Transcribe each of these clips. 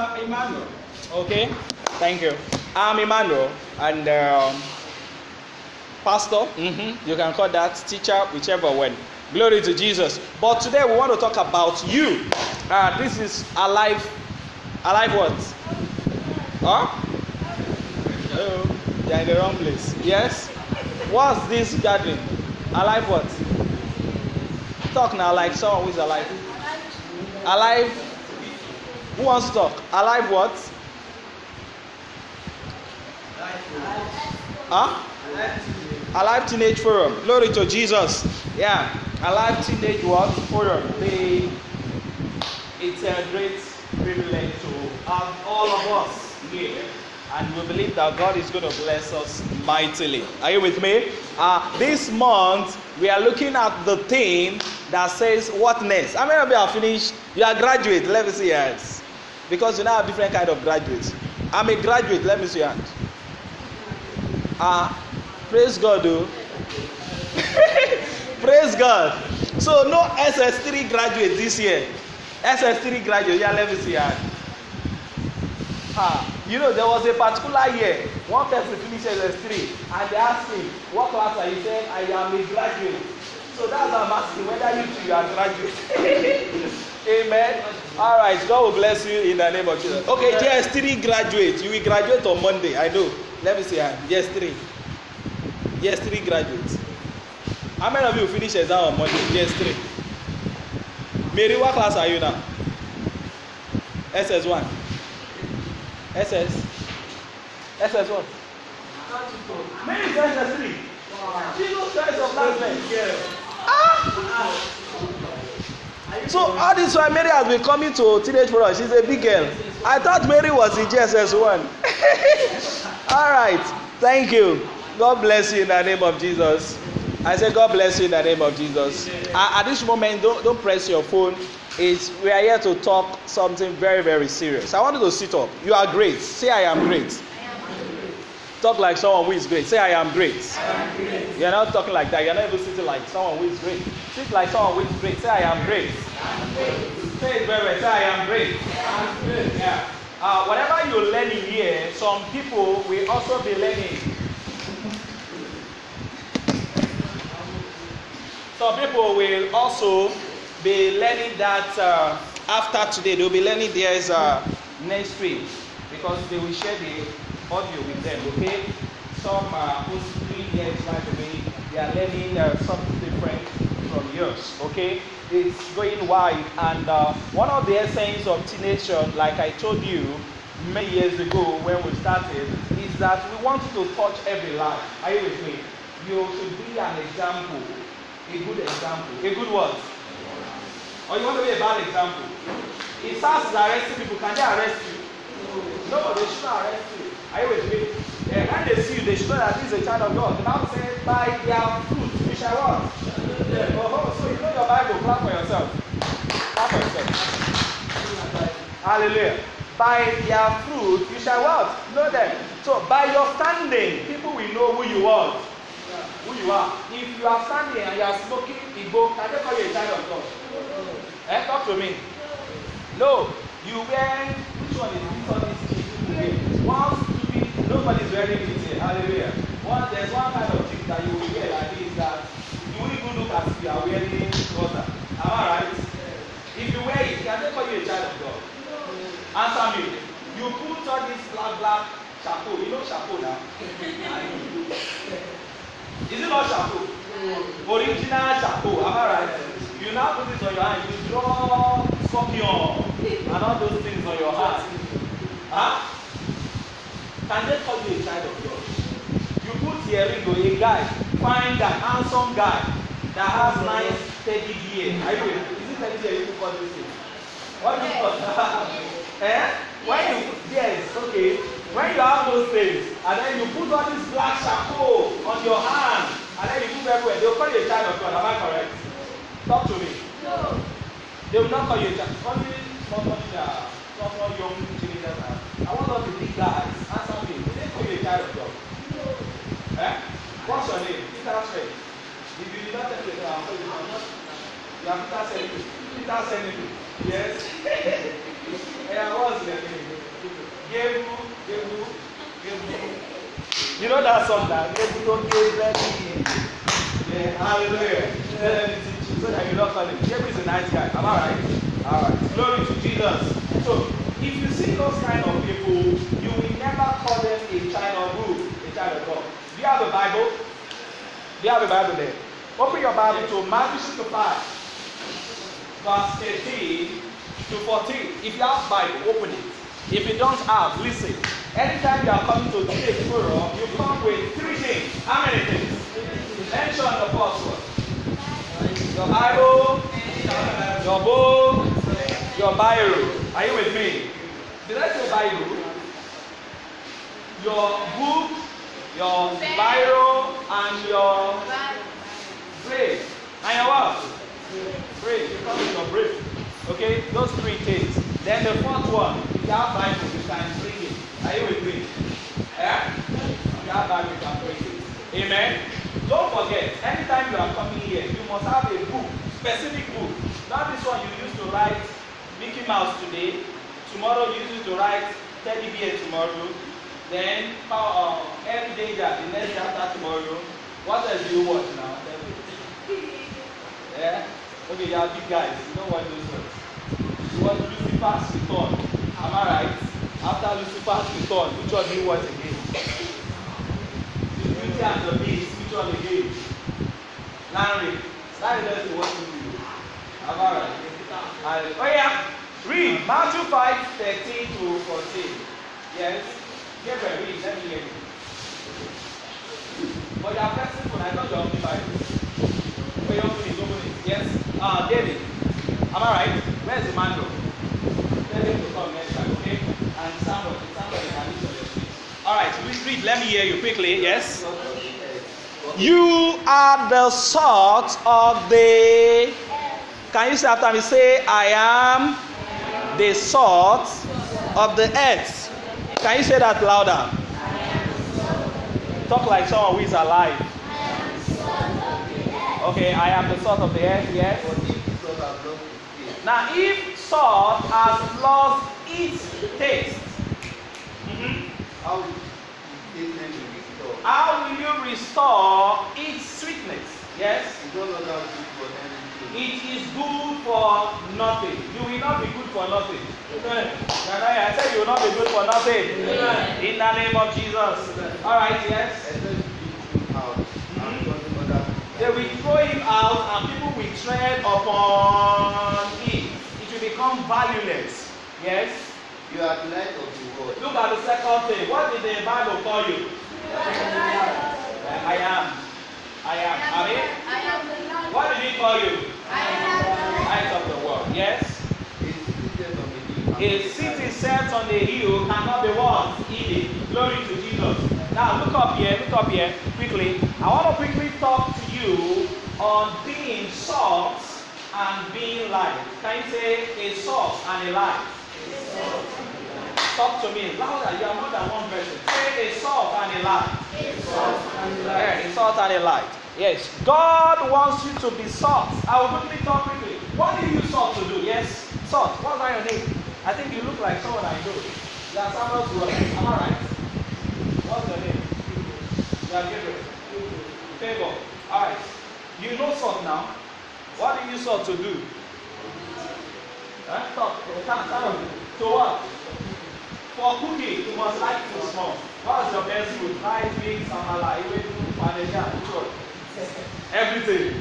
I'm Emmanuel. Okay, thank you. I'm Emmanuel, and um, pastor, mm-hmm. you can call that teacher, whichever one. Glory to Jesus. But today we want to talk about you. Uh, this is alive, alive what? Huh? Oh, you're in the wrong place. Yes. What's this gathering? Alive what? Talk now, like someone who is alive. Alive Who wants to talk? Alive what? Huh? Alive Teenage Forum. Glory to Jesus. Yeah. Alive Teenage what? Forum. it's a great privilege to have all of us here. And we believe that God is going to bless us mightily. Are you with me? Uh, this month, we are looking at the theme that says, What next? How many of you are finished? You are graduate. Let me see your hands because you now have different kind of graduates i'm a graduate let me see your hand ah uh, praise god o oh. praise god so no ss3 graduate this year ss3 graduate yeah let me see your hand ah uh, you know there was a particular year one person finish ss3 and they ask him what class are you say i am a graduate So that's why I'm asking whether you two are graduates. Amen. All right. God will bless you in the name of Jesus. Okay, yes, three graduates. You will graduate on Monday. I know. Let me see. Yes, ah, three. Yes, three graduates. How many of you finish exam on Monday? Yes, three. Mary, what class are you now? SS1. SS. SS1. Mary is SS3. Wow. Jesus Christ of Nazareth. So all this while Mary has been coming to teenage forum. She's a big girl. I thought Mary was the JSS one. all right. Thank you. God bless you in the name of Jesus. I say God bless you in the name of Jesus. Uh, at, this moment, don't don't press your phone. It's, we are here to talk something very very serious. I want you to sit up. You are great. Say I am great. Talk like someone who is great. Say, I am great. I am great. You're not talking like that. You're not even sitting like someone who is great. Sit like someone who is great. Say, I am great. I am great. Say it very well. Say, I am great. I am great. Yeah. Uh, whatever you learn in here, some people will also be learning. Some people will also be learning that uh, after today. They'll be learning there theirs uh, next week because they will share the audio with them, okay? Some are who's three years right away, they are learning uh, something different from yours, okay? It's going wide, and uh, one of the essence of T-Nation, like I told you many years ago when we started, is that we want to touch every life. Are you with me? You should be an example, a good example, a good what? Or you want to be a bad example? If It is arresting people. Can they arrest you? No, they should arrest you. Are you with me? Yeah, when they see you, they should know that this is a child of God. The Bible says, by their fruit, we shall what? Yeah. Oh, oh, so you know your Bible. Clap for yourself. Clap for yourself. Hallelujah. By their fruit, you shall what? Know them. So by your standing, people will know who you are. Yeah. Who you are. If you are standing and you are smoking book, can they call you a child of God? No. Eh, talk to me. No. You wear, which one is this one is this? One Nobody is very guilty. Hallelujah. One, there's one kind of thing that you will wear like this that you will even look as if you are wearing gutter. Am I right? If you wear it, can they call you a child of God? Answer me. You put on this black, black chapeau. You know chapeau now? is it not chapeau? Original chapeau. Am I right? You now put it on your hand. You draw scorpion and all those things on your hand. Huh? Can they call you a child of God? You put hearing on a guy, find an handsome guy that has nice steady gear. Are you Is it steady gear you put for this thing? What do you call Eh? When you yes, okay. When you have those things, and then you put all this black shampoo on your hand, and then you put everywhere, they'll call you a child of God. Am I correct? Talk to me. No. They will not call you a child. Only somebody that I want us to think that as answer me. Is it you a child of God? Eh? What's your name? Peter said. If you did not tell I'm not. You have Peter said Peter said it. Yes. yeah, what's the name? Gebu, Gebu, Gebu. You know that song that Gebu don't Yeah, hallelujah. so that you not calling? him. is a nice guy. Am I right? All right. Glory to Jesus. So, if you see those kind of people, you will never call them a child of who? A child of God. Do you have a Bible? Do you have a Bible there? Open your Bible to Matthew chapter 5, verse 18 to 14. If you have Bible, open it. If you don't have, listen. Anytime you are coming to today's forum, you come with three things. How many things? Mention the first one. Your Bible, your book, your bio, Are you with me? Did I say bio? Your book, your bio, and your brief. And your what? Brief. You come with your brief. Okay? Those three things. Then the fourth one, if you have Bible, you can bring it. Are you with me? Yeah? you have Bible, you can bring it. Amen. Don't forget, anytime you are coming here, you must have a book, specific book. Not this one you used to write 50 miles today, tomorrow you use it to write 30 BS tomorrow, then uh, every day that the next day after tomorrow, what else do you watch now? yeah? Okay, you are big guys, you don't watch those ones. You watch Lucifer's Return, am I right? After Lucifer's Return, which one do you watch again? The Beauty and the Beast, which one again? Larry, Larry doesn't watch you. Am I right? Oh yeah! Read Matthew 5 13 to 14. Yes? Gabriel, read. Let me hear you. But you are flexible, I know you are only Bible. Wait, you open it, open it. Yes? Uh, David. Am I right? Where's the man Tell him to come next time, okay? And somebody, somebody can read. on your feet. Alright, read, read. Let me hear you quickly. Yes? You are the salt of the. Can you say after me? Say, I am the salt of the earth. Can you say that louder? Talk like someone who is alive. Okay, I am the salt of the earth, yes. Now, if salt has lost its taste, mm-hmm. how will you restore its sweetness? Yes? It is good for nothing. You will not be good for nothing. Amen. I said you will not be good for nothing. Amen. In the name of Jesus. All right, yes. mm They will throw him out and people will tread upon him. It will become violent. Yes. You are the light of the world. Look at the second thing. What did the Bible call you? I am. I am. I mean, I am the Lord. What did he call you? I am Light of the world. Yes? A city set on the hill cannot be what? Glory to Jesus. Now look up here, look up here quickly. I want to quickly talk to you on being salt and being light. Can you say a salt and a light? Talk to me louder. You are more than one person. Say a salt and a light. A eh, salt and a light. a and a light. Yes. God wants you to be salt. I will quickly talk quickly. What do you use salt to do? Yes. Salt. What's that your name? I think you look like someone I know. You are Samuel's brother. Am I right? What's your name? You are Gabriel. Alright. You know salt now. What do you use salt to do? Huh? Talk. To what? For cooking, you must like food small. What's your best food? Rice, beans, amala, even food, paneja, chor. Everything.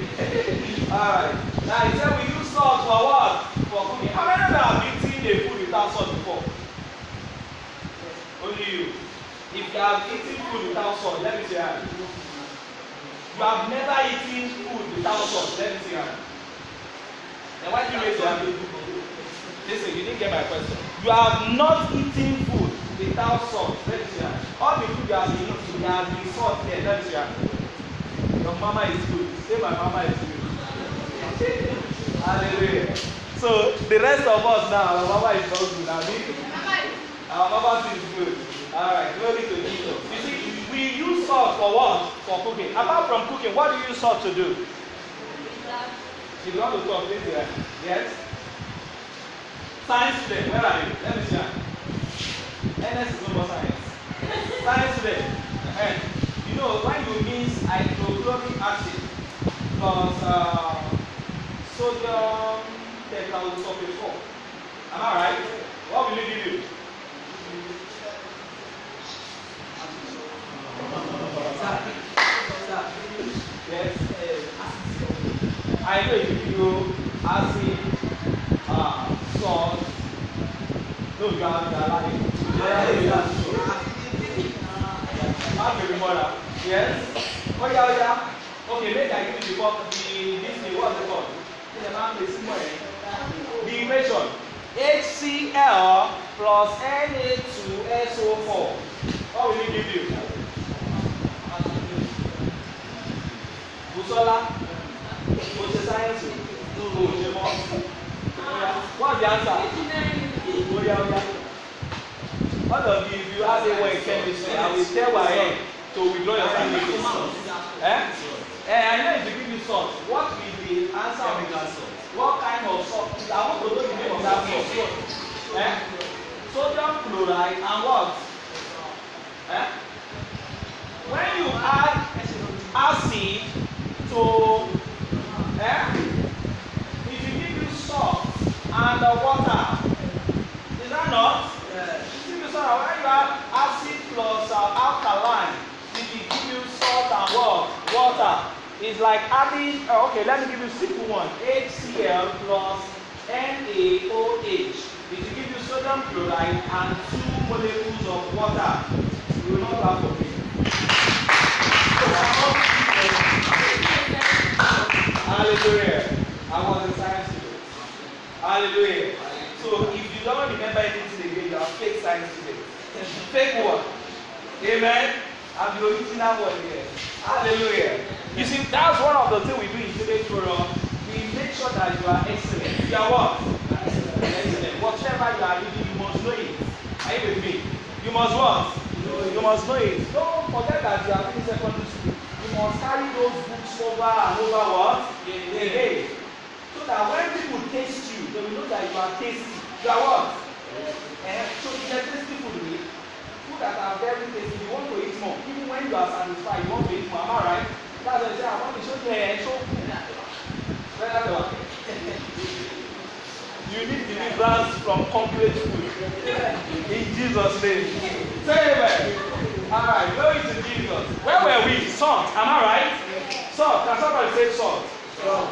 Alright. Now he said we use salt for what? For cooking. How many of you have eaten a food without salt before? Only you. If you have eaten food without salt, let me see your You have never eaten food without salt, let me see your Then why do you raise your hand? Listen, you didn't get my question. You have not eaten without salt that is all the food you are being used to they are being salt there that is your mama is good say my mama is good hallelujah so the rest of us now our mama is not good abi our mama is good alright glory to Jesus you see we use salt for what for cooking apart from cooking what do you use salt to do you want to talk this year yes science fair where are you let me see NS is no more science. science today. And you know, when you mix hydrochloric acid plus uh, sodium tetrasulfate 4, am I right? What will it give you? Yes. Eh, I know it will you acid, uh, salt, no, you have the lying. Yes. Oh yeah, oh Okay, make I give you the The this what's it called? The man the symbol. The equation. HCl plus Na2SO4. What will it give you? Busola. Ó ṣe science. Ó ṣe mọ́. What's the answer? Oh yeah, oh all of you if you have a well chemistry i will tell waec eh? to withdraw your certificate eh eh i know if you give me salt what be the answer of the salt what kind of salt i want to know the name of that salt eh sodium chloride and what eh when you add acid to eh if you give you salt and water is that not now when you have acid plus uh, alkaline, it will give you salt and what? Water. It's like adding, uh, okay, let me give you simple one. HCl plus NaOH. It will give you sodium chloride and two molecules of water. You will not have to pay. Hallelujah. I was a science student. Hallelujah. So if you don't remember anything again, you are fake science students fake one amen i'm the original one here hallelujah you see that's one of the things we do in today's program we make sure that you are excellent you are what excellent, whatever you are reading you must know it are you with me you must what you, must know it don't forget that you are in secondary school you must carry those books over and over what yeah, yeah. so that when people taste you they will know that you are tasty you are what. Eh? So it encourages people to eat. Food that are very tasty, you want to eat more. Even when you are satisfied, you want to eat more. Am I right? That's why I say I want to show you a eh, show. You need deliverance from complete food. In Jesus' name. Say amen. Alright, glory to Jesus. Where were we? Salt. Am I right? Salt. Can somebody say salt? Salt.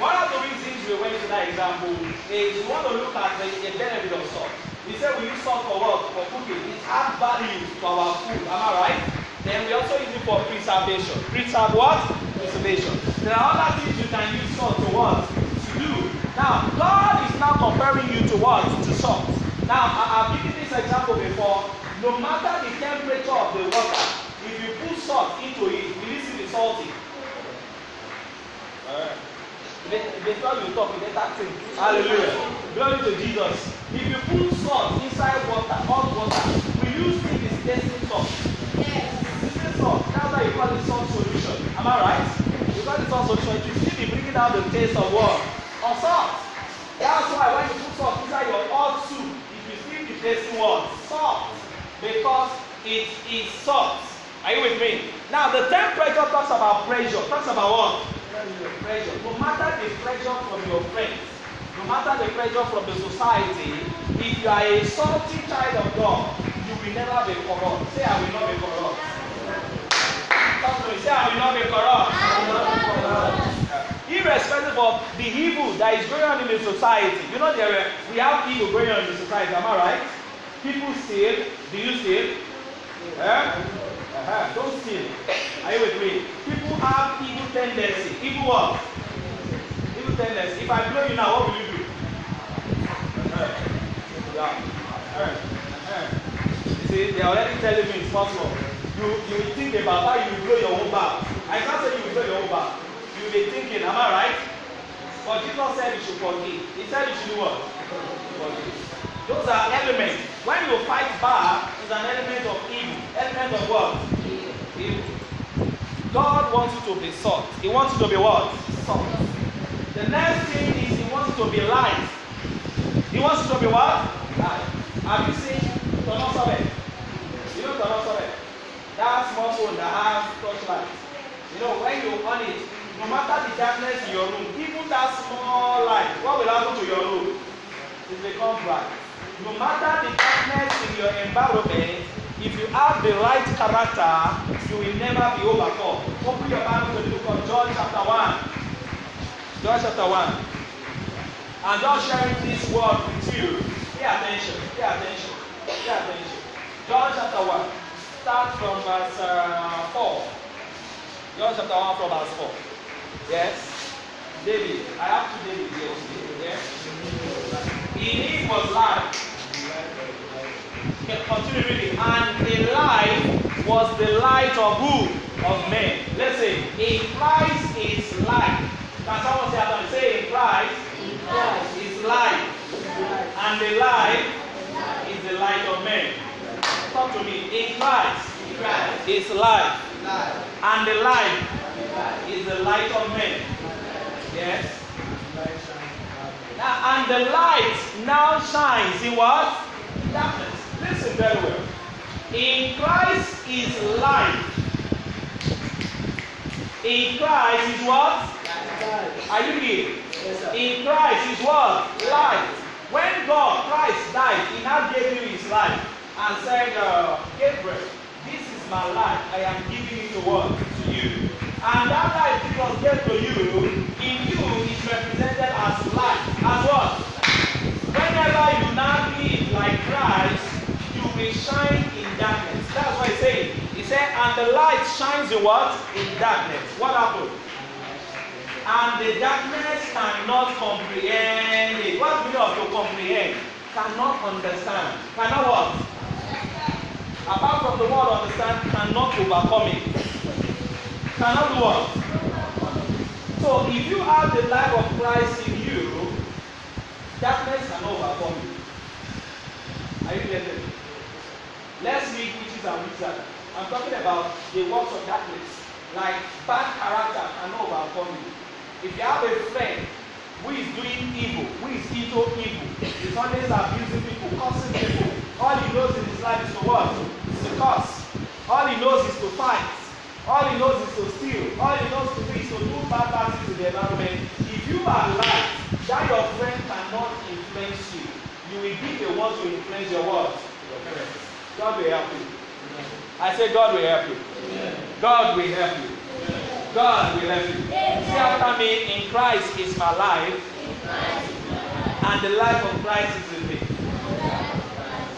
One of the reasons we went to that example is we want to look at the, the benefit of salt. He said we use salt for what? For cooking. It adds value to our food. Am I right? Then we also use it for preservation. Preserve what? Preservation. There are other things you can use salt to what? To do. Now, God is now comparing you to what? To salt. Now, I, I've given this example before. No matter the temperature of the water, if you put salt into it, will it still be salty? All right before you talk you better think hallelujah glory to jesus if you put salt inside water hot water will you still be tasting salt yes tasting salt that's why you call it salt solution am i right you call it salt solution it will still be bringing out the taste of what of salt that's why when you put salt inside your hot soup it will still be tasting what salt because it is salt are you with me now the temperature talks about pressure talks about what pressure. No matter the pressure from your friends, no matter the pressure from the society, if you are a salty child of God, you will never be corrupt. Say, I will not be corrupt. Talk to me. Say, I will not be corrupt. irrespective of the evil that is going on in the society. You know, there we have evil going on in the society. Am I right? People steal. Do you steal? Yeah. Uh-huh. Don't steal. Are you with me? People have evil tendency. Evil what? Evil tendency. If I blow you now, what will you do? Uh-huh. Yeah. Uh-huh. uh-huh. You see, they are already telling me it's possible. You you think about how you will blow your own back. I can't say you will blow your own back. You will be thinking, am I right? But Jesus said you should forgive. He said you should do what? Forgive. Those are elements. When you fight back, is an element of evil. Element of what? Evil. God wants you to be salt. He wants you to be what? Salt. The next thing is he wants you to be light. He wants you to be what? Light. Have you seen Tono Sobe? You know Tono Sobe? That small phone that has torchlight. You know, when you on it, no matter the darkness in your room, even that small light, what will happen to your room? It will become bright no matter the darkness in your environment, if you have the right character, you will never be overcome. Open your Bible to the book of John chapter 1. John chapter 1. I'm just sharing this word with you. Pay attention, pay attention, pay attention. John chapter 1. Start from verse uh, 4. John chapter 1 from verse 4. Yes? David. I have two David here. Yes? In it was life. Continue reading. And the life was the light of who? Of men. Let's say, in Christ is life. Can someone say after Say, in Christ is life. And the life is the light of men. Talk to me. In Christ is life. And the life is the light of men. Yes and the light now shines in what? Darkness. Listen very well. In Christ is light. In Christ is what? Are you here? Yes, in Christ is what? Light. When God, Christ died, he now gave you his life and said, uh, Gabriel, this is my life. I am giving it to what? To you. And that life he was given to you, in you represented as light, as what? Whenever you now live like Christ, you will shine in darkness. That's why he's saying. He said, and the light shines in what? In darkness. What happened? And the darkness cannot comprehend it. What do you have to comprehend? Cannot understand. Cannot what? Apart from the world, understand, cannot overcome it. Cannot do what? So if you have the life of Christ in you, darkness can overcome you. Are you getting it? Let's which witches and wizards. I'm talking about the works of darkness. Like bad character can overcome you. If you have a friend who is doing evil, who is into evil, is always abusing people, cursing people, all he knows in his life is to It's to curse. All he knows is to fight. All he knows is to steal. All he knows to do is to do bad things to the environment. If you are light, that your friend cannot influence you. You will be the one to influence your world. God will help you. I say God will help you. God will help you. God will help you. See after me, in Christ is my life. And the life of Christ is in me.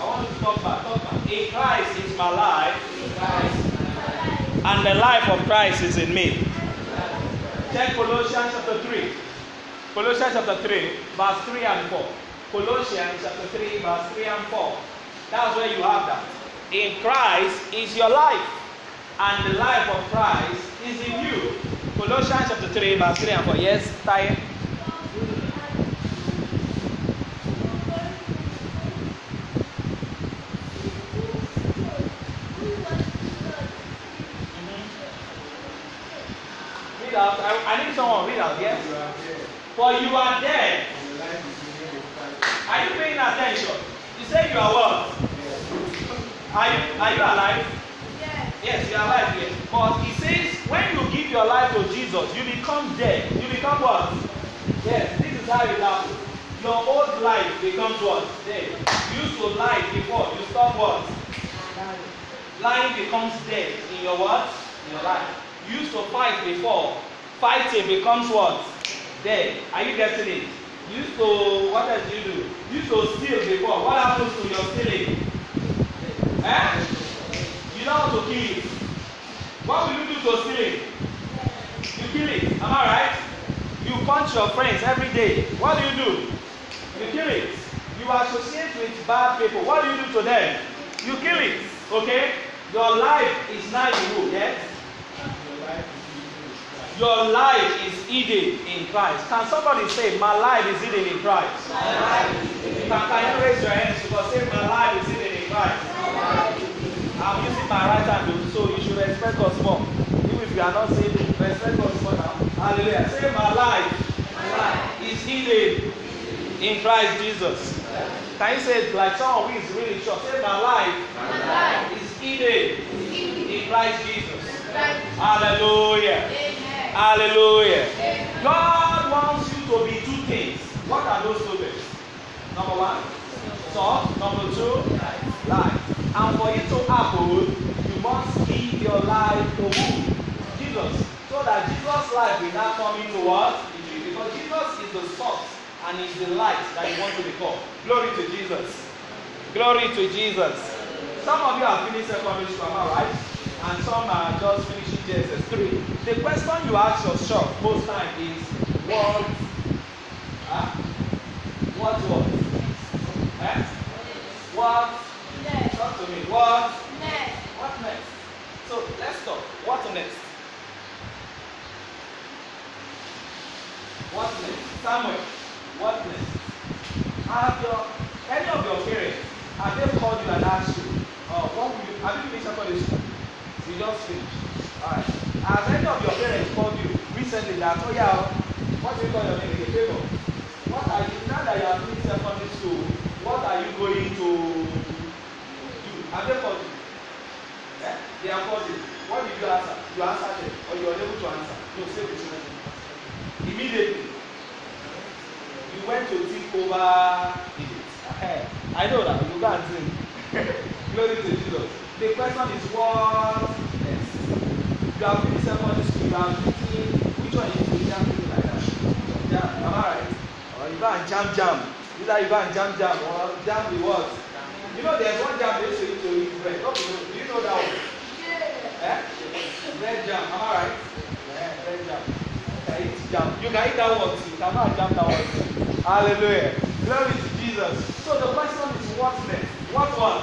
I want to talk about, talk about. In Christ is my life. and the life of Christ is in me. Check Colossians chapter 3. Colossians chapter 3, verse 3 and 4. Colossians chapter 3, verse 3 and 4. That's where you have that. In Christ is your life, and the life of Christ is in you. Colossians chapter 3, verse 3 and 4. Yes, time. it out. I, I need someone read out, yes? For you are dead. Are you paying attention? You say you are what? Are you, are you alive? Yes. Yes, you are alive, yes. But he says, when you give your life to Jesus, you become dead. You become what? Yes, this is how it happens. Your old life becomes what? Dead. You used to lie before. You stop what? Lying becomes dead in your what? In your life used to fight before, fighting becomes what? Dead. Are you getting it? used to, what else you do? used to steal before. What happens to your stealing? Eh? You don't want to kill it. What will you do to steal it? You kill it. Am I right? You punch your friends every day. What do you do? You kill it. You associate with bad people. What do you do to them? You kill it. Okay? Your life is now you, yes? Your life is hidden in Christ. Can somebody say, My life is hidden in Christ? Can, can you raise your hands? You can say, My life is hidden in Christ. I'm using my right hand, so you should respect us more. Even if you are not saying it, respect us more now. Hallelujah. Say, My life, is hidden in Christ Jesus. Can you say like some who is really short? Say, My life, my life is hidden in Christ Jesus. Hallelujah. Amen. Hallelujah. Amen. God wants you to be two things. What are those two things? Number one, salt. Number two, light. And for you to happen, you must give your life to who? Jesus. So that Jesus' life will not come into what? Because Jesus is the source and is the light that you want to become. Glory to Jesus. Glory to Jesus. Some of you have finished secondary school, am I right? And some are just finishing JSS 3. The question you ask yourself most time is, what? Huh? What what? Eh? What? Next. Talk to me. What? Next. What next? So let's talk. What next? What next? Samuel, what next? Have your, any of your parents, have they called you and asked you, Oh, what will you, have you finished Sunday school? You just finished. Alright. Has any of your parents called you recently that, oh yeah, what do you call your name again? Favor. What are you, now that you have finished secondary school, what are you going to do? Have they called you? Yeah, They have called you. What did you answer? You answered them, or you were able to answer. No, say the children. Immediately, you went to think over it. Eh, I know that. You go and think. Glory to Jesus. The question is what next? You have been secondary school, you have written, which one is the jam thing like that? Jam, am I right? Or you go and jam jam. Either you go and jam jam or jam the what? You know there's one jam they used to eat to eat bread. Oh, do you know that one? Yeah. Eh? Red jam, am I right? Yeah, bread jam. it's jam. You can eat that one You cannot jam that one Hallelujah. Glory to Jesus. So the question is what next? What one?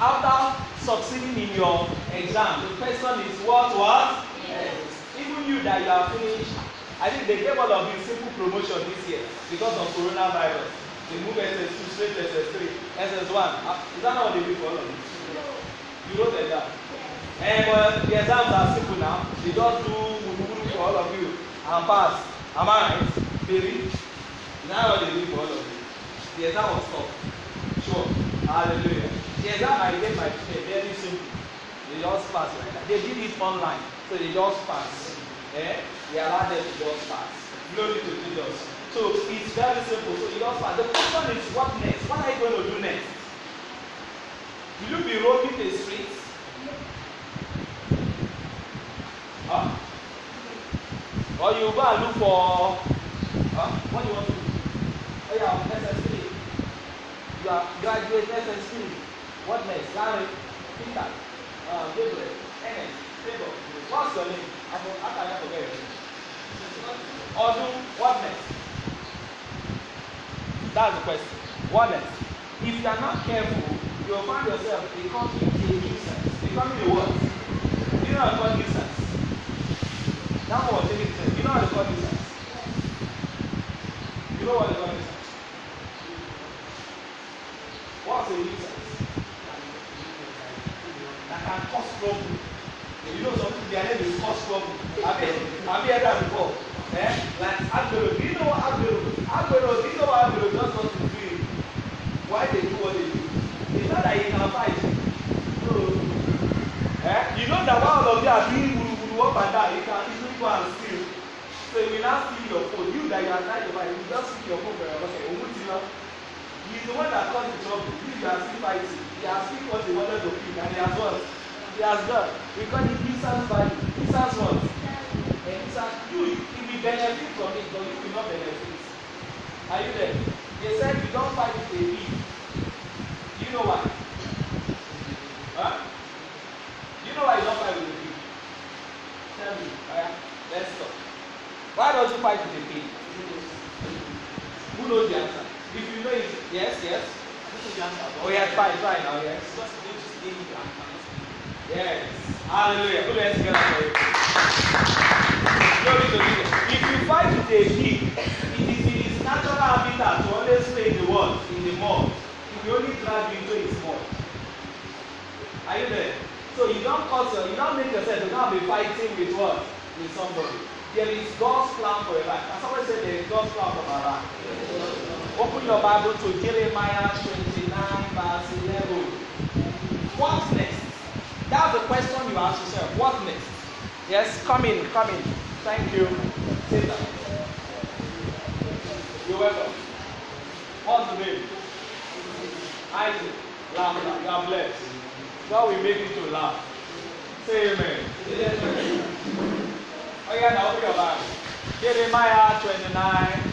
After succeeding in your exam, the person is what what? Yes. Even you that you have finished, I think they gave all of you simple promotion this year because of coronavirus. They move SS2 straight to SS3, SS1. Ah, is that not what they do for all of you? You wrote that down. And well, the exams are simple now. They just do for all of you and pass. Am I right? Baby? Is that what they do for all of you? The exam was tough. Sure. Hallelujah. The exam I gave my teacher very simple. They just pass like that. They did it online, so they just pass. Eh? They allowed them to just pass. Glory to Jesus. So it's very simple. So you just pass. The question is what next? What are you going to do next? Will you be roaming the streets? Huh? Or you go and look for huh? what you want to do? Oh yeah, you are graduated and skilled what next larry peter uh, gabriel ernest favour what's your name after after i forget ọdún what next that's the question what next if you are not careful you will find yourself becoming a nuisance becoming a what you know how to call nuisance that one was taking place you know how to call nuisance you know what to call nuisance. What's the reasons? That can cause trouble. You know something, their name is cause problem. Have you, have you heard that before? Eh? Like Agbero, do you know what Agbero? Agbero, do you know what Agbero just want to do? Why they do what they do? It's know that he can fight. No. Eh? You know that one of you are doing wuru wuru up and down, you can easily go and steal. So you will steal your phone. You that you are trying to buy, you just steal your phone for your pocket. Owó ti lọ is the one that caused the trouble He has are still fighting he has still got the wallet to be, and he has won. he has done we call it nuisance value nuisance what and nuisance you you will benefit from it but you will not benefit are you there they said you don't fight with a Do you know why huh Do you know why you don't fight with the pig tell me oya let's talk why don't you fight with the pig who knows the answer. If you know it, yes, yes. Oh, oh yes, fine, fine. now, oh, yes. Yes. Hallelujah. Glory to If you fight with a pig, it is in its natural habitat to always stay in the world, in the mud. It will only drag you into its mud. Are you there? So you don't cause you don't make yourself you don't be fighting with what? With somebody. There is God's plan for your life. As somebody said there is God's plan for my life. Open your Bible to Jeremiah 29, verse 11. What next? That's the question you ask yourself. What next? Yes, come in, come in. Thank you. Sit down. You're welcome. What's the name? Isaac. Laugh, You are blessed. God will make you to laugh. Say amen. amen. Oh yeah, now open your Bible. Jeremiah 29.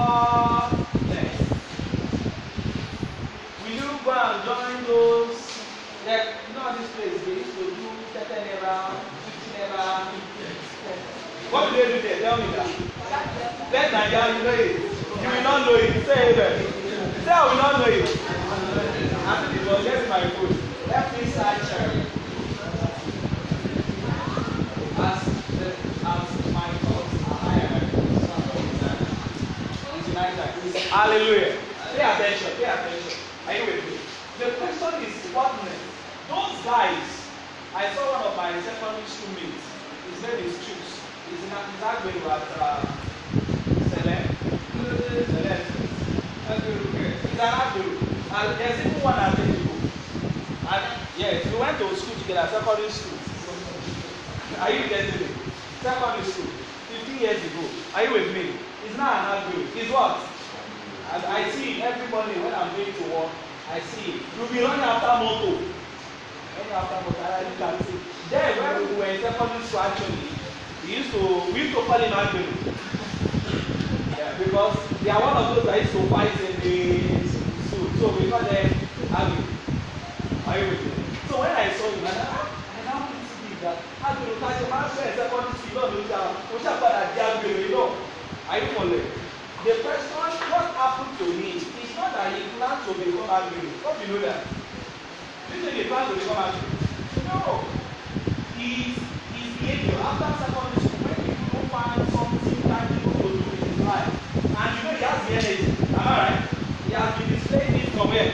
four Will you go and join those? Like, you know, this place they used to do 30 naira, 50 naira. What will they do there? Tell me that. Let Nigeria, you know it. You will not know it. Say it. Say I will not know it. I think it was just my food. Hallelujah. Pay attention, pay attention. Are you with me? The question is pertinent. Those guys, I saw one of my secondary school mates. His name is Chips. He's in Akizagbe at uh, Selem. Selem. He's an Agberu. there's even one at And yes, we went to school together, secondary school. Are you getting it? Secondary school. 15 years ago. Are you with me? He's not an Agberu. He's what? As I see every morning when I'm going to work, I see You be running after moto. Running after motor. I look at you. Then when we were in secondary school actually, we used to we used to call him Angelo. Yeah, because they are one of those that used to fight in the school. So we call them Angelo. Are you with me? So when I saw him, I said, ah, I now need to be that. Angelo, that's your man, secondary school, you know, we shall padà di Angelo, you know. Are you following? the question: what happened to him is not that he planned to become abirù hope you know that you say he plan to become abirù no his his behavior after secondary school when he go find something that tangible to do in his life and you know he has the energy am I right he has been displaying it from where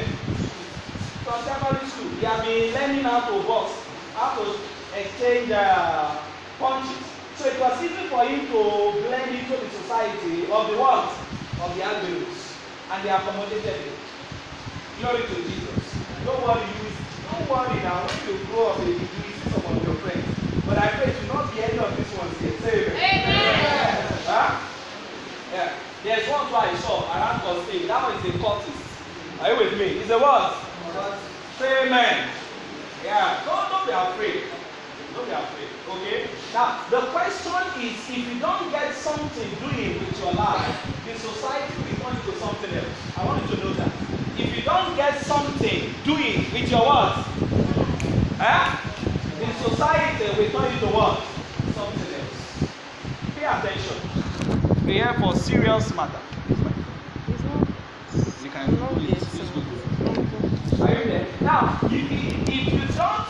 from secondary school he has been learning how to box how to exchange uh, punches So it was easy for him to blend into the society of the world, Of the Anglos. And they accommodated him. Glory to Jesus. Don't worry, don't worry now. When you grow up, you will see some of your friends. But I pray to not be any of these ones here. Say amen. amen. Huh? Yeah. There's one who I saw around Costain. That one is a cultist. Are you with me? It's a what? Say amen. Yeah. Don't, don't be afraid. Okay? Now, the question is if you don't get something doing with your life, the society will turn to something else. I want you to know that. If you don't get something doing with your what? Eh? The society will turn you to what? Something else. Pay attention. We are for serious matter. You can do it. Are you there? Now, if you don't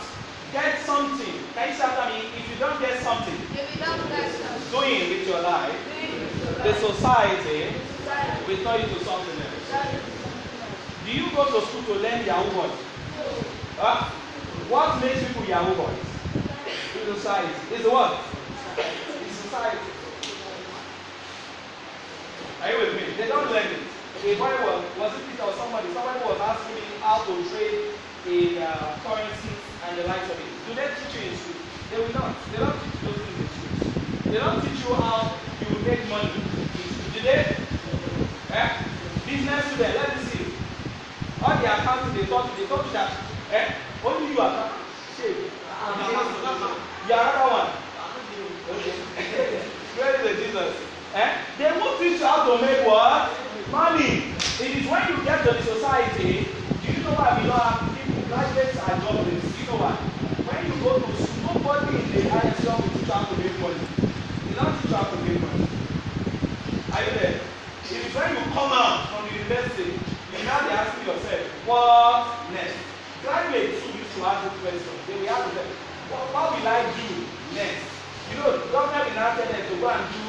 get something can you shout at me? If you don't get something doing with your life, the society will turn you to something else. Do you go to school to learn Yahoo boys? Huh? What makes people Yahoo boys? The society. It's the what? The society. Are you with me? They don't learn it. A boy was, was it Peter or somebody? Somebody was asking me how to trade in uh, currency and the likes of it. Do they teach you in school? They will not. They don't teach those things in school. They don't teach you how you will make money. Do they? Eh? Business student, let me see. All the accounts they taught you, they taught you that. Eh? Only you are shade. You are another one. Okay. Praise the Jesus. Eh? They won't teach you how to make what? Money. It is when you get to the society, do you know why we don't have people, graduates are jobless? Do you know why? when you go to school nobody in the high school will teach how to make money you don teach how to make money are you there if when you come out from the university you now dey ask yourself what next graduate too need to ask the question they will ask them what what will I do next you know government bin now tell them to go and do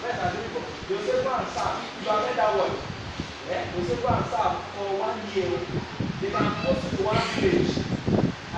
first and second they go say go and serve you have heard that word eh they go say go and serve for one year they na post to one village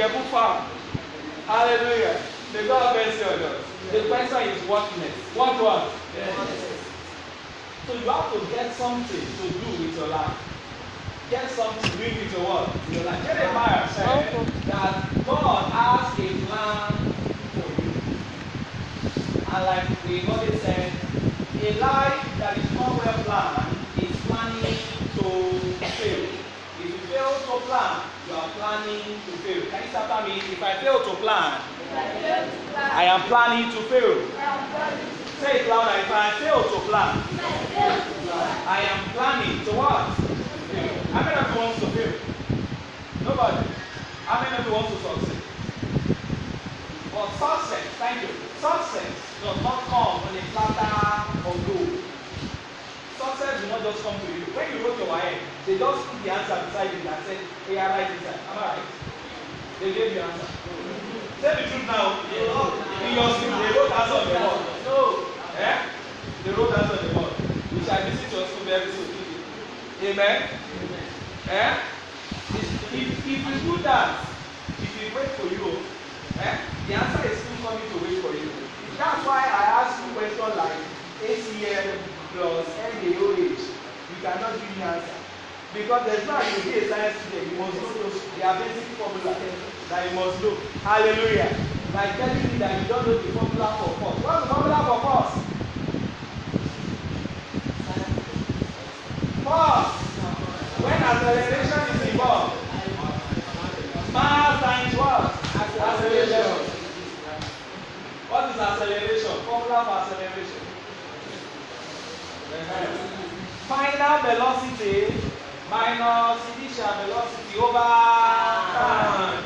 Jebu farm. Hallelujah. May God bless you. The question is what next? What what? So you have to get something to do with your life. Get something to do with your work. Your life. Jeremiah eh? said that God has a plan for you. And like we already said, a life that is not well planned is planning to fail. If you fail to plan, you are planning to fail. Can you start me? If I fail to plan, I am planning to fail. Say it loud! If I fail to plan, I am planning to what? How many of you want to fail? Nobody. How many of you want to succeed? Well, success, thank you. Success does not come on a platter of gold. Success you not just come to you when you wrote your waec they just put the answer beside you and say hey i write this am i right they gave you answer tell the truth now in your school they wrote answer on the board no eh they wrote answer on the board you shall visit your school very soon amen eh if if you do that if you wait for you eh the answer is still coming to wait for you that's why i ask you question like acm plus NaOH you cannot give me answer because there's no how you be a science student you must know those their basic formula that you must know hallelujah By telling me that you don't know the formula for force what's the formula for force force when acceleration is involved mass times what acceleration what is acceleration formula for acceleration. Final velocity minus initial velocity over time.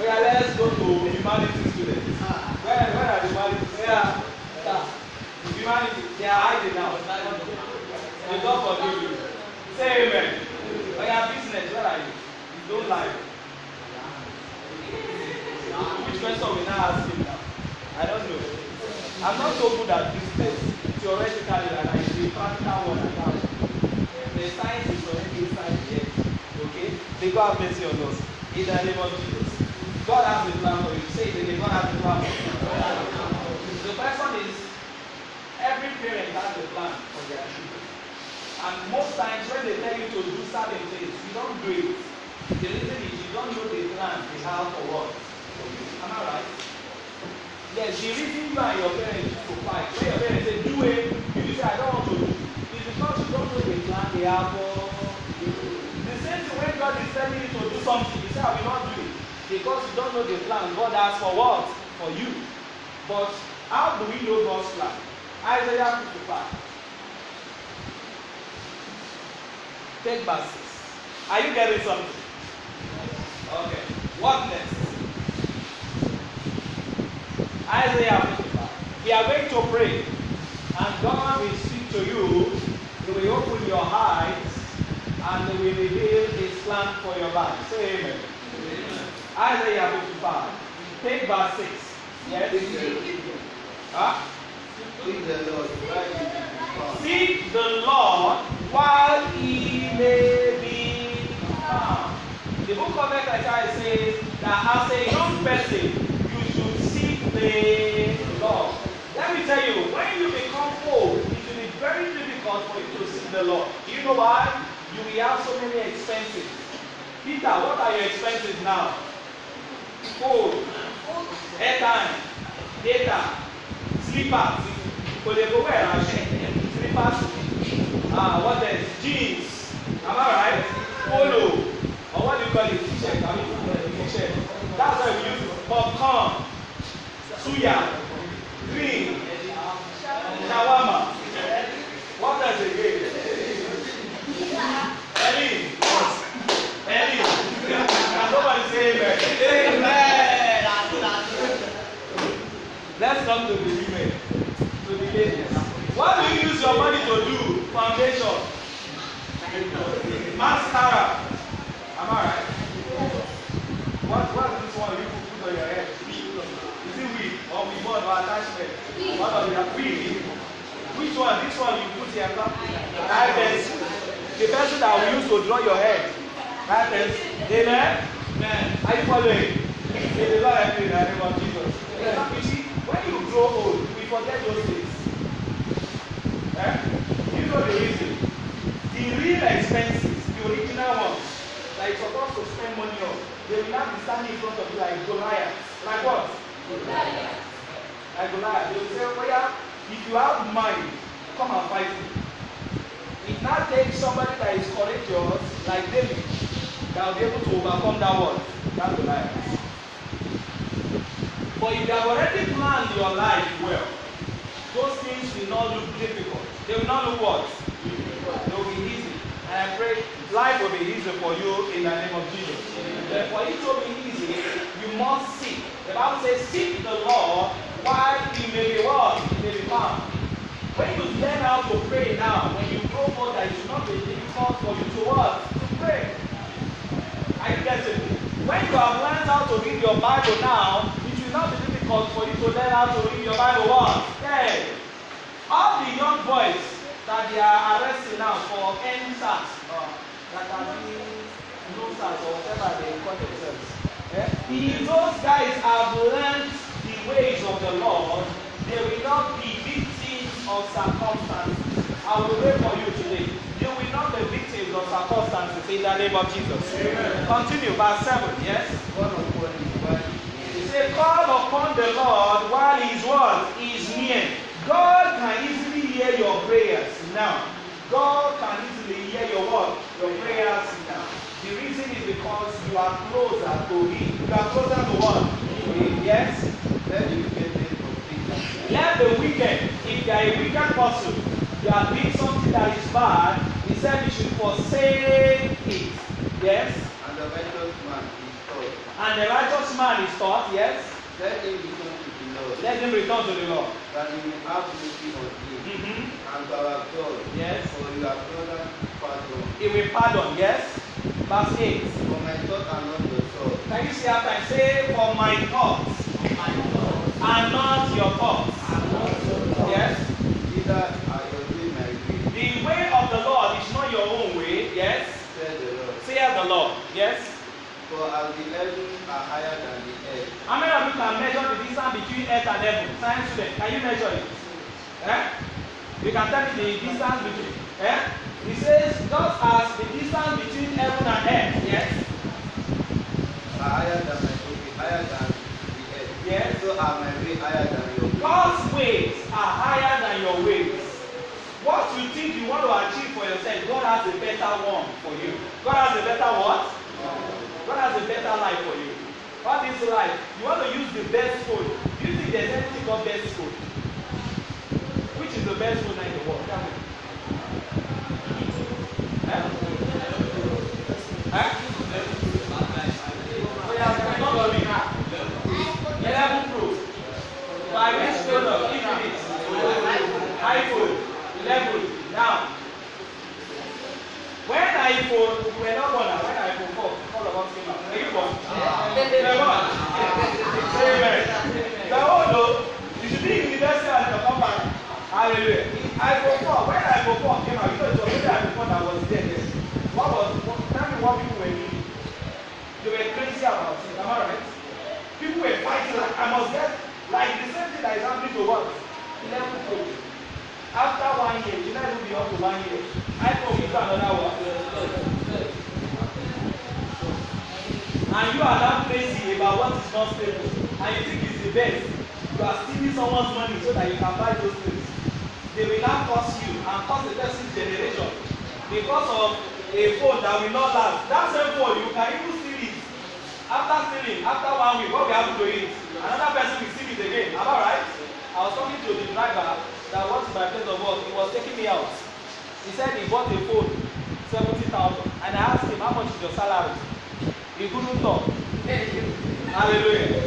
Yeah, let's go to humanities students. Where, where are the humanities? Yeah. Humanities, they are hiding now. They don't forgive you. Say amen. Where oh, are business, where are you? You don't like. Which question we now ask you now? I don't know. I'm not so good at business theoretically and I dey practical one at now. Eh, the science is already inside here. Okay? They go have mercy on us. In the name of Jesus. God has a plan for you. Say it again. God has a plan for you. The question is, every parent has a plan for their children. And most times when they tell you to do certain things, you don't do it. The reason is you don't know the plan they have for Yes, the reason why your parents go fight, when your parents say do it, you say I don't want to do it, is because you don't know the plan they have for The same thing when God is telling you to do something, you say I will not do it, because you don't know the plan God has for what? For you. But how do we know God's plan? I Isaiah 55. Take verses. Are you getting something? Okay. What next? Isaiah 55. We are going to pray, and God will speak to you. He will open your eyes, and He will reveal His plan for your life. Say amen. amen. Isaiah 55. Take verse 6. Yes? Huh? Seek the Lord. Seek the Lord while he may be found. The book of Ezekiel says that as a young person, play Lord. Let me tell you, when you become old, it will be very difficult for you to see the Lord. You know why? You will have so many expenses. Peter, what are your expenses now? Food, airtime, data, slippers. Kodebo wear and slippers. Ah, what else? Jeans. Am I right? Polo. Or what do you call it? T-shirt. I mean, t-shirt. That's how you use popcorn suya, green, shawama. What does it get? Ellie. Ellie. nobody say amen? Amen. Let's come to the women. the pencil that we use to draw your head. Right, friends? Amen? Amen. Are you following? In the Lord help you in the name of Jesus. You see, when you grow old, we forget those things. Eh? You know the reason. The real expenses, the original ones, that you're supposed to spend money on, they will not be standing in front of you like Goliath. Like what? Goliath. Like Goliath. They will say, oh yeah, if you have mind, come and fight me. Now take somebody that is courageous, like David, that will be able to overcome that one, that Goliath. But if you have already planned your life well, those things will not look difficult. They will not look what? They will be easy. And I pray life will be easy for you in the name of Jesus. Therefore, for it to be easy, you must seek. The Bible says, seek the Lord while he may be what? He may be found. When you learn how to pray now, when you no more that it should not be difficult for you to what? To pray. Are you getting me? When you have learned how to read your Bible now, it will not be difficult for you to learn how to read your Bible what? Then, all the young boys that they are arresting now for any tax, uh, that are being no tax or whatever they call themselves, eh? if those guys have learned the ways of the Lord, they will not be victims of circumstances. I will pray for you today. You will not be victims of circumstances in the name of Jesus. Amen. Continue, verse 7, yes? Say, call upon the Lord while his word is near. God can easily hear your prayers now. God can easily hear your word, your prayers now. The reason is because you are closer to him. You are closer to what? Yes? Let the wicked, if they are a wicked person, you are doing something that is bad he said you should forsake it yes. and the righteous man is taught. and the righteous man is taught yes. let him return to the Lord. let him return to the Lord. that he may have mercy on him. Mm -hmm. and our God. yes. for you have done pardon. he will pardon yes. verse eight. for my thoughts are not your thoughts. can you see? after I say for my thoughts. my thoughts are not your thoughts. are not your thoughts. yes. either your own way, yes? Say the Lord, yes? For as the heavens are higher than the earth. How many of you can measure the distance between earth and heaven? Science student, can you measure it? Eh? You can tell me the distance between. Eh? He says, just as the distance between heaven and earth, yes? Are higher than my okay, higher than the earth. Yes. So are my way higher than your way. God's ways are higher than your ways. What you think you want to achieve for yourself, God has a better one for you. God has a better what? God has a better life for you. What is life? You want to use the best food. Do you think there's anything called best food? Which is the best food in the world? Tell me. Eh? Eh? Oh, yeah, I'm not be 11 Pro. By which color? Infinite. iPhone level now when I you were not born na when I four all of us came out Are you born ah. you were born amen you are old o you should be in university and your company hallelujah iphone four when iphone four came out you know it was only iphone four that was there then what was tell me what people were doing they were crazy about it am I right people were fighting like I must get like the same thing that is happening to us eleven people after one year you never be up to one year iphone give you another one and you are now crazy about what is not stable and you think it's the best you are stealing someone's money so that you can buy those things they will now curse you and curse the person generation because of a phone that will not last that same phone you can even steal it after stealing after one week what will happen to it another person will steal it again am i right i was talking to the driver that what is my place of work he was taking me out he said he bought a phone seventy thousand and I asked him how much is your salary he couldn't talk hallelujah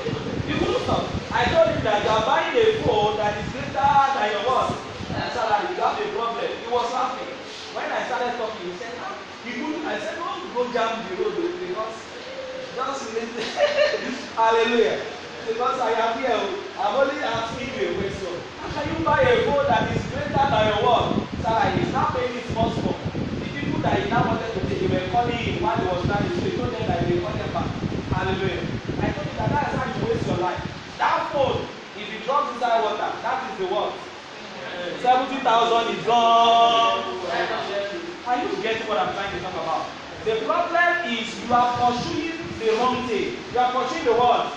he couldn't talk I told him that you are buying a phone that is greater than your worth and salary you have a problem he was laughing when I started talking he said ah he couldn't I said don't go jam the road because just listen hallelujah because I am here I am only asking you a question how can you buy a phone that is greater than your worth salary is not paying it much more the people that he now wanted to take he were calling him while he was trying to say told them that he dey call them back hallelujah I told him that that is how you waste your life that phone if it drops inside water that is the world. seventy thousand is gone are you getting what I'm trying to talk about the problem is you are pursuing the wrong thing you are pursuing the world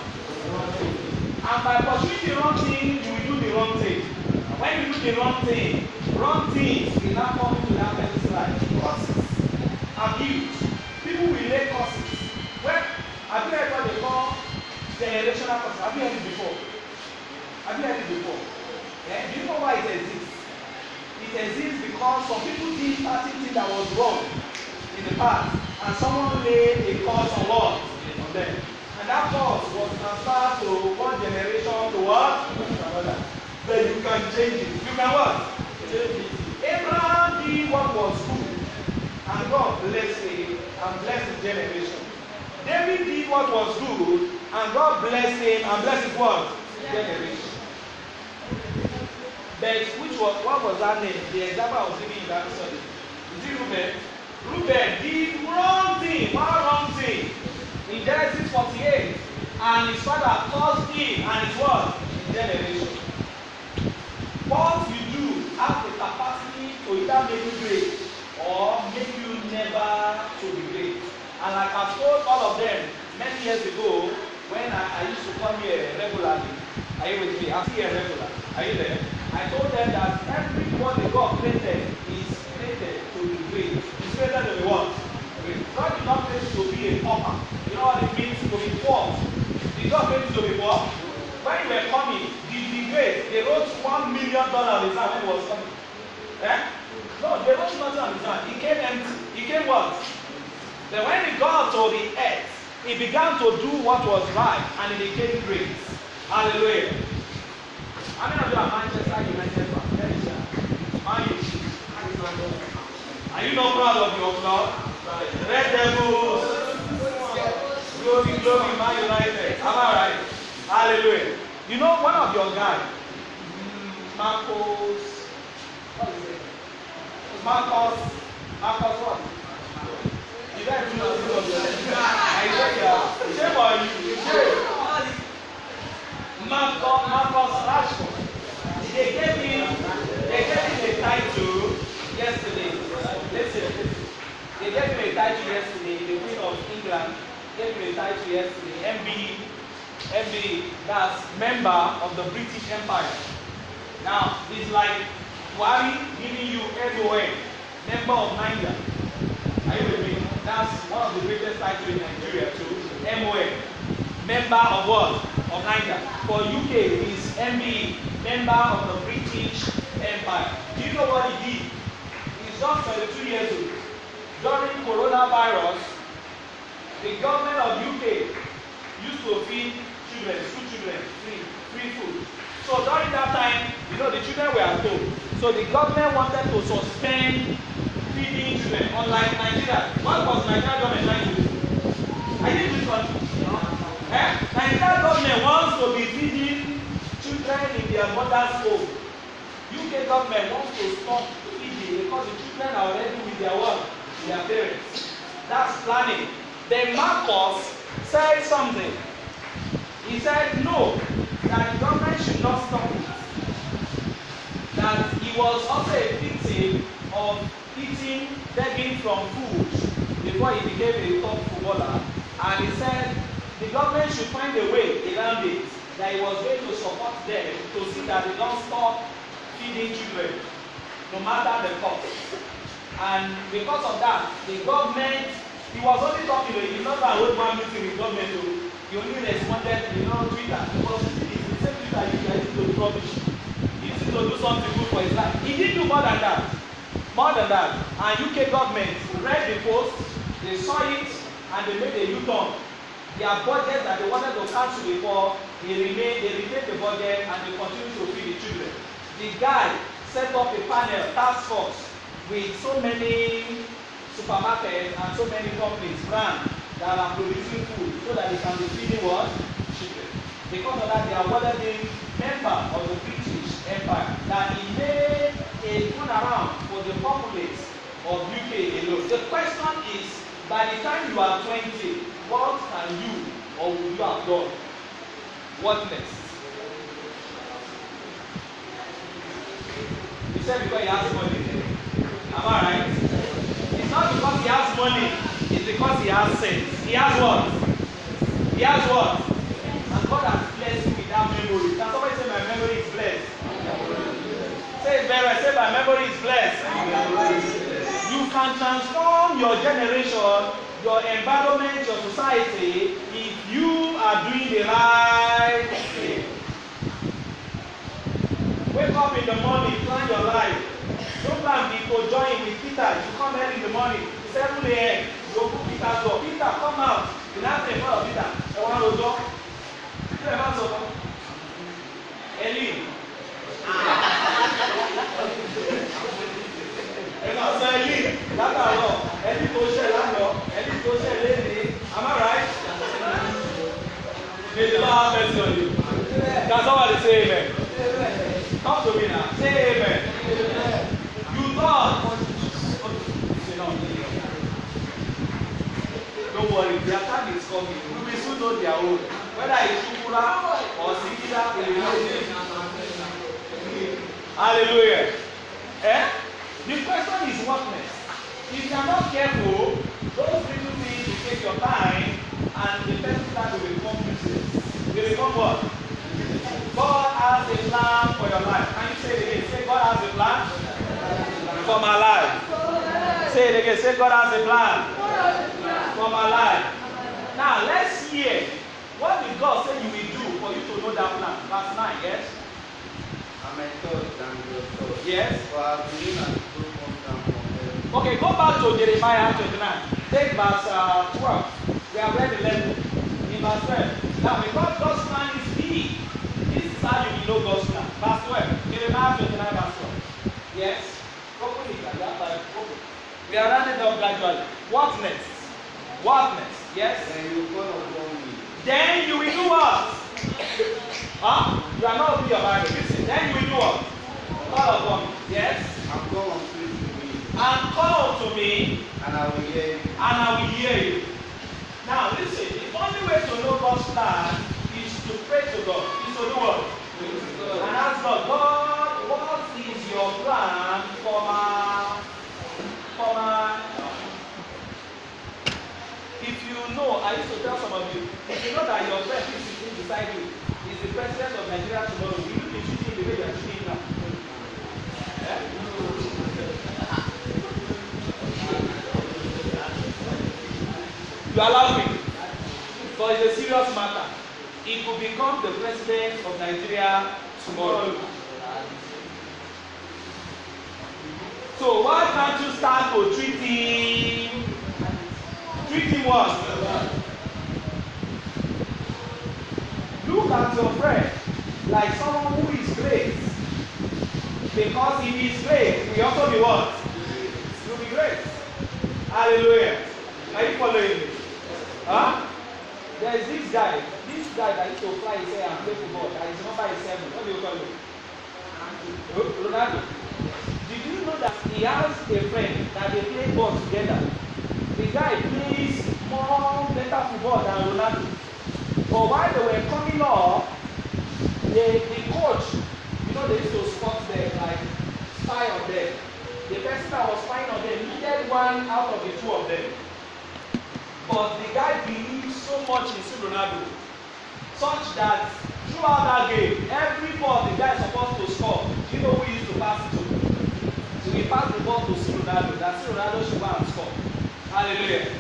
And by pursuing the wrong thing, you will do the wrong thing. And when you do the wrong thing, wrong things will now come into that person's life. Causes, abuse. People will lay causes. Well, have you heard what they call generational causes? Have you heard it before? Have you heard it before? Yeah? Do you know why it exists? It exists because some people did certain thing that was wrong in the past, and someone laid a cause on what? On them that cause was transferred to one generation to what? Then you can change it. You can what? Change it. Abraham did what was good, and God blessed him and blessed the generation. David did what was good, and God blessed him and blessed his what? Generation. But which was what was that name? The example I was giving in that study. Is it Ruben? Ruben did wrong thing. What wrong thing in Genesis 48, and his father caused him and his what? Generation. What you do has the capacity to either make you great or make you never to be great. And like I told all of them many years ago, when I, I used to come here regularly, are you with me? I'm here regularly. Are you there? I told them that everyone that God created is created to be great. It's greater than we want. God did not create to be a pauper know what it means to be poor. The God made to be poor. When you were coming, the debate, they wrote one million dollars on the when it was coming. Eh? No, they wrote nothing on the time. It came empty. he came what? Then when he got to the earth, he began to do what was right and he became great. Hallelujah. How many of you are Manchester United fans? Very Are you not proud of your club? Red Devil glory Man United. Am I right? Hallelujah. You know, one of your guys, Marcos, what is it? Marcos, Marcos what? You guys do not know your Shame on you. Shame. Marcos, Marcos Rashford. They gave me. they gave me a title yesterday. Listen, they gave me a title yesterday, the Queen of England. let me MB, MB, yesterday, that's member of the British Empire. Now, it's like Buhari giving you MON, member of Niger. Are you with me? That's one of the greatest titles in Nigeria too, MON, member of what? Of Niger. For UK, is MB. member of the British Empire. Do you know what he did? He's just 22 years old. During coronavirus, The government of UK used to feed children, school children, free, free food. So during that time, you know, the children were at So the government wanted to suspend feeding children, unlike Nigeria. What was Nigeria government trying to do? I think this one. Eh? Nigeria government wants to be feeding children in their mother's home. UK government wants to stop feeding because the children are already with their work, their parents. That's planning. Then Marcos said something. He said, no, that government should not stop it. That he was also a victim of eating, begging from food before he became a top footballer. And he said, the government should find a way around it that he was going to support them to see that they don't stop feeding children no matter the cost and because of that the government He was only talking to you, not that old man meeting with government. He only responded, you know, Twitter. Because it's the same Twitter you can use to rubbish. He used to do something good for his life. He did do more than that. More than that. And UK government read the post, they saw it, and they made a new turn Their budget that they wanted to cancel before, they remain. they retain the budget and they continue to feed the children. The guy set up a panel task force with so many Supermarket and so many companies, brands that are producing food so that they can be feeding what? Children. Because of that, they are one of the member of the British Empire that he made a turnaround for the populace of UK alone. The question is, by the time you are 20, what can you or will you have done? What next? You said because you have money. Am I right? Not because he has money, it's because he has sense. He has what? He has what? And God has blessed you with that memory. Can somebody say, My memory is blessed? Say it very Say, My memory is blessed. You can transform your generation, your environment, your society if you are doing the right thing. Wake up in the morning, plan your life. Program me to join with Peter. You come early in the morning, 7 a.m. You open Peter's door. Peter, come out. You now say, well, Peter, I want to go. Peter, I want to go. Eli. Ẹ máa sọ Eli all. Eli tó ṣẹ̀ lánàá, Eli tó ṣẹ̀ léde, am I right? May the Lord have mercy on you. Can somebody say man. whether it's sukura or sikira hallelujah eh the question is worthless if you are not careful those little things will take your time and the person start to become useless they become what God has a plan for your life can you say it again say God has a plan for my life say it again say God has a plan for my life now let's hear. What did God say you will do for you to know that plan? Verse nine, yes? Amen. Yes. Okay, go back to Jeremiah 29. Take verse uh, 12. We have read 11 in verse 12. Now, because God's plan is big, this is how you will know God's plan. Verse 12. Jeremiah 29, verse 12. Yes. We are running down gradually. What next? What next? Yes. Then you Then you will do what? Huh? You are not reading your Bible. Listen. Then you will do what? Call upon me. Yes? And call unto me. And call to me. And I will hear you. And I will hear you. Now listen. The only way to know God's plan is to pray to God. Is to do what? And ask God, God, what is your plan for my for my if you know, I used to tell some of you, that your friend is sitting beside you is the president of Nigeria tomorrow will you be treating the way you are treating now. Eh? you allow me but it's a serious matter he could become the president of Nigeria tomorrow. So why can't you start to treat him? Treat him what? look at your friend like someone who is great. Because he is great, we also be what? You'll be great. Hallelujah. Are you following me? Huh? There is this guy, this guy that used to fly his hair and play football, that is number is seven. What do you call him? Ronaldo. Did you know that he has a friend that they play ball together? The guy plays more better football than Ronaldo. But while they were coming up, the, the coach, you know, they used to spot them, like spy on them. The person that was spying on them needed one out of the two of them. But the guy believed so much in Cristiano Ronaldo, such that throughout that game, every ball the guy supposed to score, do you know who he used to pass it to? So he passed the ball to Cristiano Ronaldo, that Cristiano Ronaldo should go and score. Hallelujah.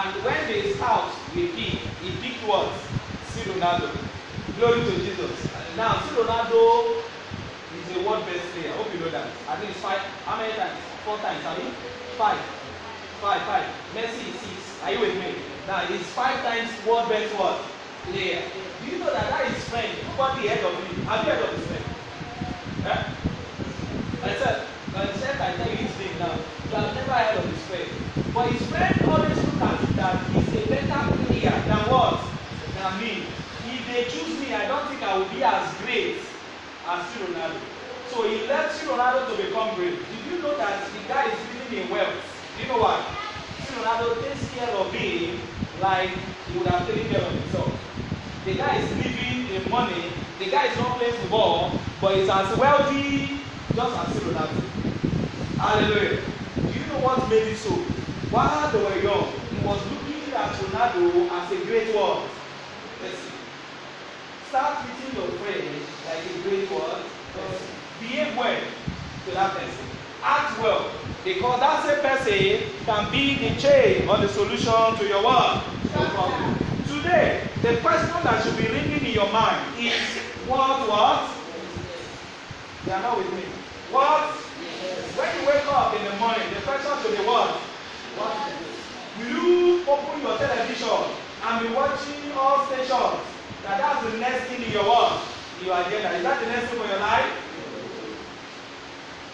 And when they scout, they pick, he picked what? Ronaldo. Glory to Jesus. Now, see Ronaldo is a world best player. I hope you know that. I think it's five. How many times? Four times, I mean? Five. Five, five. Messi is six. Are you with me? Now, it's five times world best world player. Do you know that that is friend? Nobody heard of him. Have you heard of his friend? Yeah? I said, still in that. Hallelujah. Do you know what made it so? While they were young, he was looking at Ronaldo as a great world. Person. Start treating your friend like a great world. Person. Behave well to that person. Act well. Because that same person can be the chain or the solution to your world. No problem. Today, the question that should be ringing in your mind is what, what? They are not with me. What? When you wake up in the morning, the question to the world, what? Will you open your television and be watching all stations? That that's the next thing in your world, in your agenda. Is that the next thing for your life?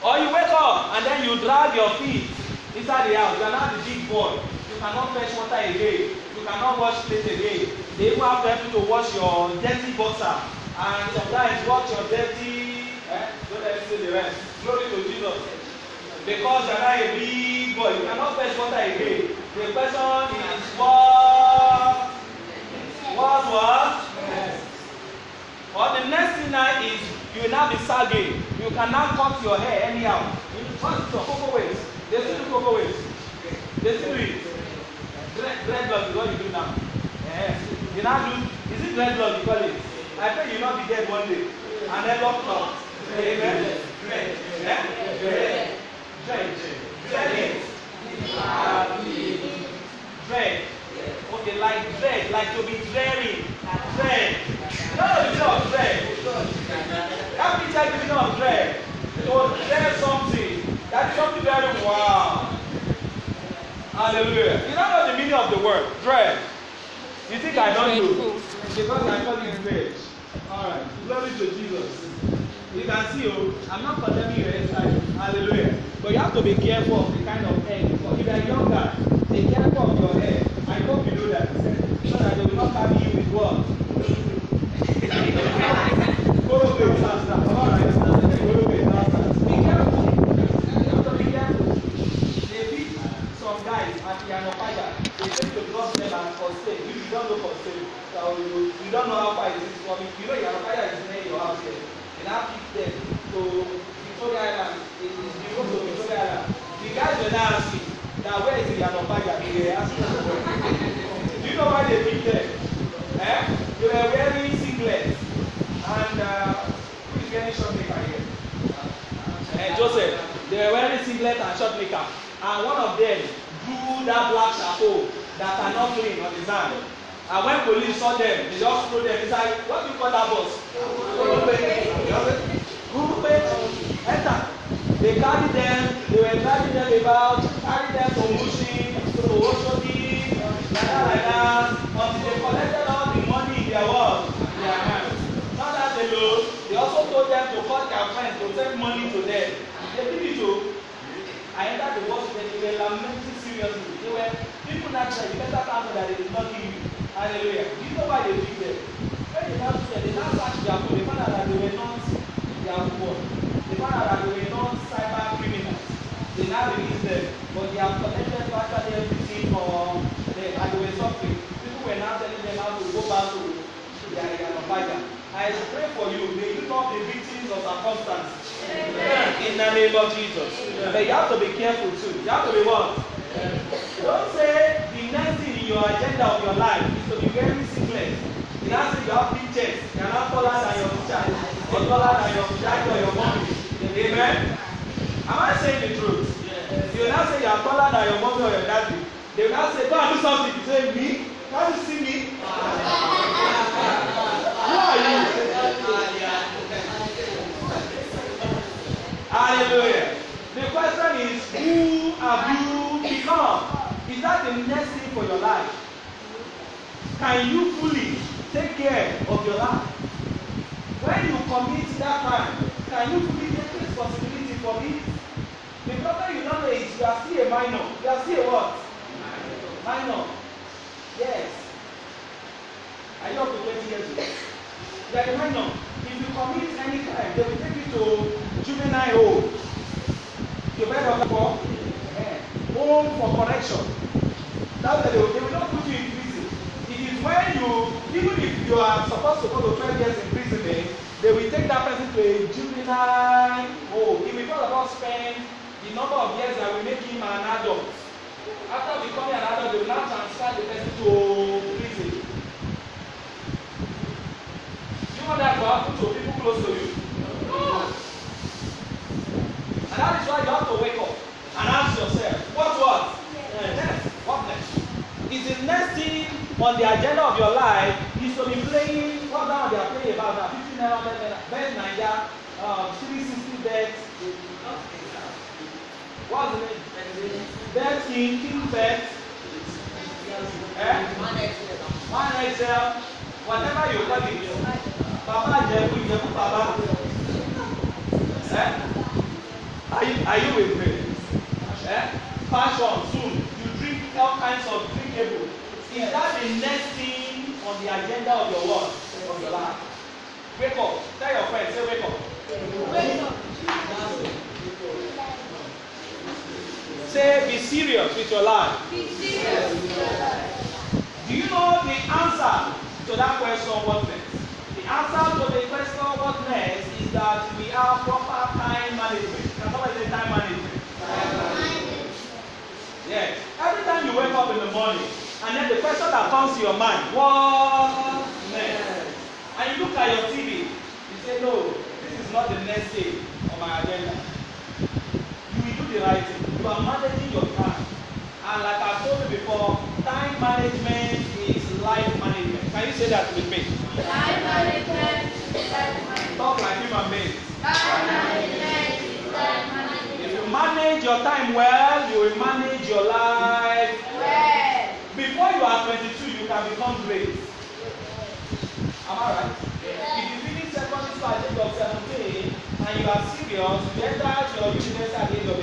Or you wake up and then you drag your feet inside the house. You are not the big boy. You cannot fetch water again. You cannot wash plate again. They even have to help you to wash your dirty boxer and sometimes wash your dirty Eh? Don't let me say the rest. Glory to Jesus. Because you are not a big boy, you cannot fetch water again. The person is what? What what? Yes. Or the next thing now is you will now be sagging. You cannot cut your hair anyhow. You cut your cocoa waves. They still do cocoa waves. They still do it. Dreadlock dread is what you do now. Yes. You now do, is it dreadlock you call it? I pray you not be dead one day. And then locked up because I call you rich. All right. Glory to Jesus. You can see, oh, I'm not condemning your eh, hairstyle. Hallelujah. But you have to be careful of the kind of hair you If you're young guy, be careful of your hair. I hope you know that. So that they will not carry you with what? Go to the pastor. All right. You don't know how far it is coming. You know your fire is near your house here. Eh? now pick them to Victoria Island it is the road to Victoria Island the guys were now asking na where is Yanobaja they were asking for do you know why they pick them eh they were wearing singlet and uh, who is wearing short here eh, Joseph they were wearing singlet and short and one of them drew that black chapeau that are not clean on the sand and when police saw them they just throw them inside what do you call that bus gurupe gurupe enter they carry them they were carry them about carry them to wushi to osodi like that like that until they collected all the money in their world in their hands. now that they know they also told them to call their friends to send money to them they did it o oh. i enter the world today they were lamenting seriously they were people naturally better than god that they did not give you. Hallelujah. Do you know why they did that? When they Bible said they now search their phone, they found out that they were not their phone. They found out that they were not cyber criminals. They now release them, but they have potential to actually everything on them and they were suffering. People were now telling them how to go back to their Yalabaya. I pray for you, may you not be victims of circumstance. In the name of Jesus. Amen. But you have to be careful too. You have to be what? Don't say the next thing in your agenda of your life will be very secret. The last thing you have pictures. You are not taller than your teacher or taller than your dad or your mom. Amen. Am I saying the truth? Yes. You now say you are taller than your mommy or your daddy. They now say, go and do something. You say, me? Can't you see me? Who are you? Hallelujah. The question is, who have you become? Is that the next thing for your life? can you fully take care of your life? When you commit that crime, can you fully take responsibility for it? The problem you don't know is you are still a minor. You are still a what? Minor. Yes. Are you up to twenty years old? You are a minor. If you commit any crime, they will take you to juvenile home. You better go for home for correction. That's the they will not put you in when you even if you are supposed to go to twelve years in imprisonment eh, they will take that person to a juvenile home he will first of spend the number of years that will make him an adult after becoming an adult they will now transfer the person to prison you know that will happen to people close to you and that is why you have to wake up and ask yourself what was yes. yes. what next is the next thing on the agenda of your life is to be playing what now they are playing about now fifty naira ten naira bet naija um, three sixty bet what's the name bet in king bet eh one xl whatever you call it baba jẹku jẹku baba eh are you are you with me eh fashion soon you drink all kinds of. Is that the next thing on the agenda of your work, of your life? Wake up. Tell your friend, say wake up. Wake up. Say be serious with your life. Be serious Do you know the answer to that question, what next? The answer to the question, what next, is that we have proper time management. Can somebody say time management? Time management. Yes. Every time you wake up in the morning, and then the question that comes to your mind what next and you look at your TV you say no this is not the next thing on my agenda you will do the right thing you are managing your time and like I told you before time management is life management can you say that with me. time management is life management. talk like human beings. time management is life management. if you manage your time well you will manage your life. Before you are 22, you can become great. Am I right? Yeah. If you finish secondary school at the age of 17 and you are serious, you enter your university at age of